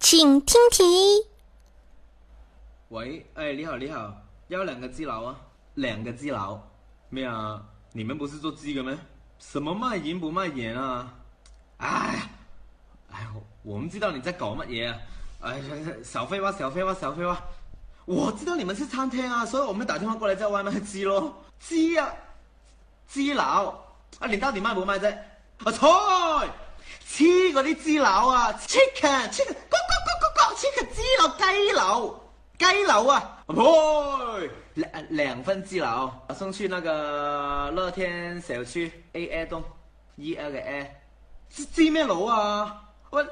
請聽題。喂，哎，你好，你好，要兩個雞佬啊，兩個雞佬，咩啊？你們不是做雞嘅咩？什麼賣鹽不賣鹽啊？哎呀，哎，我唔知道你在搞乜嘢啊？哎，小飛蛙，小飛蛙，小飛蛙，我知道你們是餐廳啊，所以我們打電話過嚟叫外賣雞咯，雞啊，雞佬啊，你到底賣唔賣啫？啊，菜。黐嗰啲支佬啊 chicken，chicken 嗰嗰嗰 chicken 支佬雞柳，雞柳啊，唔該、啊啊，兩份支佬，送去那個樂、那個、樂天小區 A A 棟 E L A，支咩樓啊？啊喂，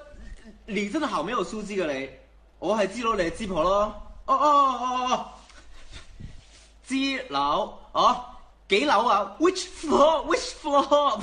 你真係好冇素質嘅你，我係支佬你係支婆咯，哦哦哦樓哦，支樓哦，幾樓啊？Which floor？Which floor？